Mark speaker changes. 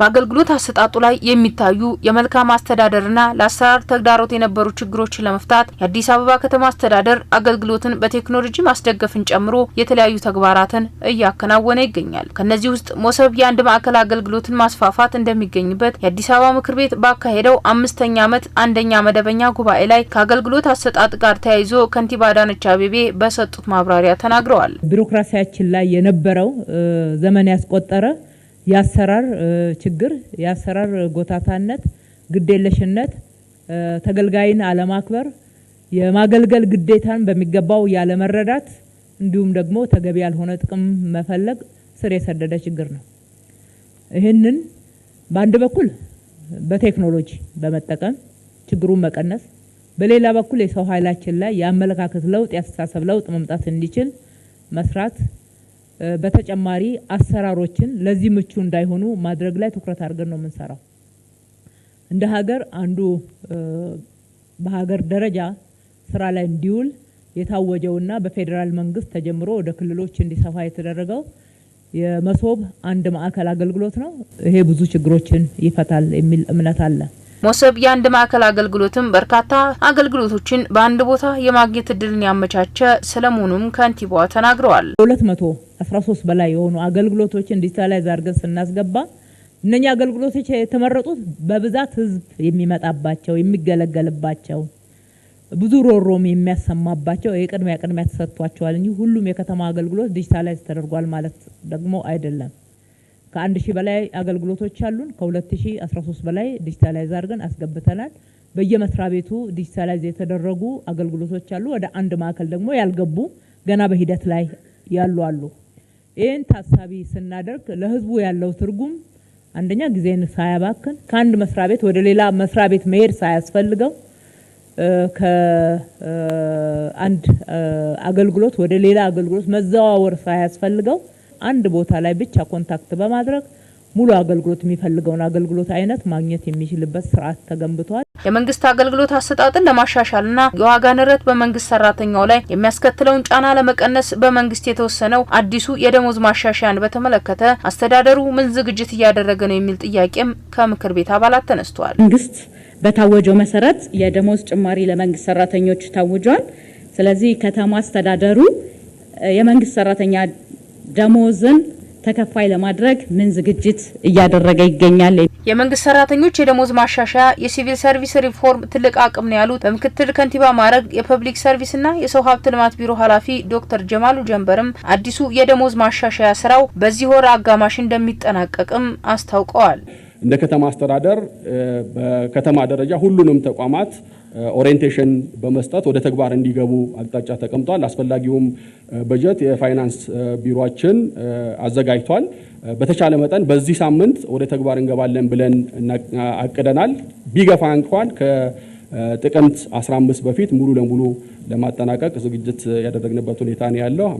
Speaker 1: በአገልግሎት አሰጣጡ ላይ የሚታዩ የመልካም አስተዳደርና ለአሰራር ተግዳሮት የነበሩ ችግሮችን ለመፍታት የአዲስ አበባ ከተማ አስተዳደር አገልግሎትን በቴክኖሎጂ ማስደገፍን ጨምሮ የተለያዩ ተግባራትን እያከናወነ ይገኛል። ከእነዚህ ውስጥ ሞሰብ የአንድ ማዕከል አገልግሎትን ማስፋፋት እንደሚገኝበት የአዲስ አበባ ምክር ቤት ባካሄደው አምስተኛ ዓመት አንደኛ መደበኛ ጉባኤ ላይ ከአገልግሎት አሰጣጥ ጋር ተያይዞ ከንቲባ አዳነች አቤቤ በሰጡት ማብራሪያ ተናግረዋል።
Speaker 2: ቢሮክራሲያችን ላይ የነበረው ዘመን ያስቆጠረ የአሰራር ችግር የአሰራር ጎታታነት ግዴለሽነት ተገልጋይን አለማክበር የማገልገል ግዴታን በሚገባው ያለመረዳት እንዲሁም ደግሞ ተገቢ ያልሆነ ጥቅም መፈለግ ስር የሰደደ ችግር ነው። ይህንን በአንድ በኩል በቴክኖሎጂ በመጠቀም ችግሩን መቀነስ በሌላ በኩል የሰው ኃይላችን ላይ የአመለካከት ለውጥ የአስተሳሰብ ለውጥ መምጣት እንዲችል መስራት በተጨማሪ አሰራሮችን ለዚህ ምቹ እንዳይሆኑ ማድረግ ላይ ትኩረት አድርገን ነው የምንሰራው። እንደ ሀገር አንዱ በሀገር ደረጃ ስራ ላይ እንዲውል የታወጀውና በፌዴራል መንግስት ተጀምሮ ወደ ክልሎች እንዲሰፋ የተደረገው የመሶብ አንድ ማዕከል አገልግሎት ነው። ይሄ ብዙ ችግሮችን ይፈታል የሚል እምነት አለ።
Speaker 1: ሞሰብ የአንድ ማዕከል አገልግሎትም በርካታ አገልግሎቶችን በአንድ ቦታ የማግኘት እድልን ያመቻቸ ስለመሆኑም ከንቲባዋ ተናግረዋል።
Speaker 2: ሁለት መቶ አስራ ሶስት በላይ የሆኑ አገልግሎቶችን ዲጂታላይዝ አድርገን ስናስገባ እነኛ አገልግሎቶች የተመረጡት በብዛት ህዝብ የሚመጣባቸው የሚገለገልባቸው ብዙ ሮሮም የሚያሰማባቸው የቅድሚያ ቅድሚያ ተሰጥቷቸዋል እንጂ ሁሉም የከተማ አገልግሎት ዲጂታላይዝ ተደርጓል ማለት ደግሞ አይደለም። ከአንድ ሺህ በላይ አገልግሎቶች አሉን። ከ2013 በላይ ዲጂታላይዝ አድርገን አስገብተናል። በየመስሪያ ቤቱ ዲጂታላይዝ የተደረጉ አገልግሎቶች አሉ። ወደ አንድ ማዕከል ደግሞ ያልገቡ ገና በሂደት ላይ ያሉ አሉ። ይህን ታሳቢ ስናደርግ ለህዝቡ ያለው ትርጉም አንደኛ ጊዜን ሳያባክን ከአንድ መስሪያ ቤት ወደ ሌላ መስሪያ ቤት መሄድ ሳያስፈልገው ከአንድ አገልግሎት ወደ ሌላ አገልግሎት መዘዋወር ሳያስፈልገው አንድ ቦታ ላይ ብቻ ኮንታክት በማድረግ ሙሉ አገልግሎት የሚፈልገውን አገልግሎት አይነት ማግኘት የሚችልበት ስርዓት ተገንብቷል።
Speaker 1: የመንግስት አገልግሎት አሰጣጥን ለማሻሻልና የዋጋ ንረት በመንግስት ሰራተኛው ላይ የሚያስከትለውን ጫና ለመቀነስ በመንግስት የተወሰነው አዲሱ የደሞዝ ማሻሻያን በተመለከተ አስተዳደሩ ምን ዝግጅት እያደረገ ነው የሚል ጥያቄም ከምክር ቤት አባላት ተነስቷል።
Speaker 2: መንግስት በታወጀው መሰረት የደሞዝ ጭማሪ ለመንግስት ሰራተኞች ታውጇል። ስለዚህ ከተማ አስተዳደሩ የመንግስት ሰራተኛ ደሞዝን ተከፋይ ለማድረግ ምን ዝግጅት እያደረገ ይገኛል?
Speaker 1: የመንግስት ሰራተኞች የደሞዝ ማሻሻያ የሲቪል ሰርቪስ ሪፎርም ትልቅ አቅም ነው ያሉት በምክትል ከንቲባ ማዕረግ የፐብሊክ ሰርቪስና የሰው ሀብት ልማት ቢሮ ኃላፊ ዶክተር ጀማሉ ጀንበርም አዲሱ የደሞዝ ማሻሻያ ስራው በዚህ ወር አጋማሽ እንደሚጠናቀቅም አስታውቀዋል።
Speaker 3: እንደ ከተማ አስተዳደር በከተማ ደረጃ ሁሉንም ተቋማት ኦሪየንቴሽን በመስጠት ወደ ተግባር እንዲገቡ አቅጣጫ ተቀምጧል። አስፈላጊውም በጀት የፋይናንስ ቢሮችን አዘጋጅቷል። በተቻለ መጠን በዚህ ሳምንት ወደ ተግባር እንገባለን ብለን አቅደናል። ቢገፋ እንኳን ከጥቅምት 15 በፊት ሙሉ ለሙሉ ለማጠናቀቅ ዝግጅት ያደረግንበት ሁኔታ ነው ያለው።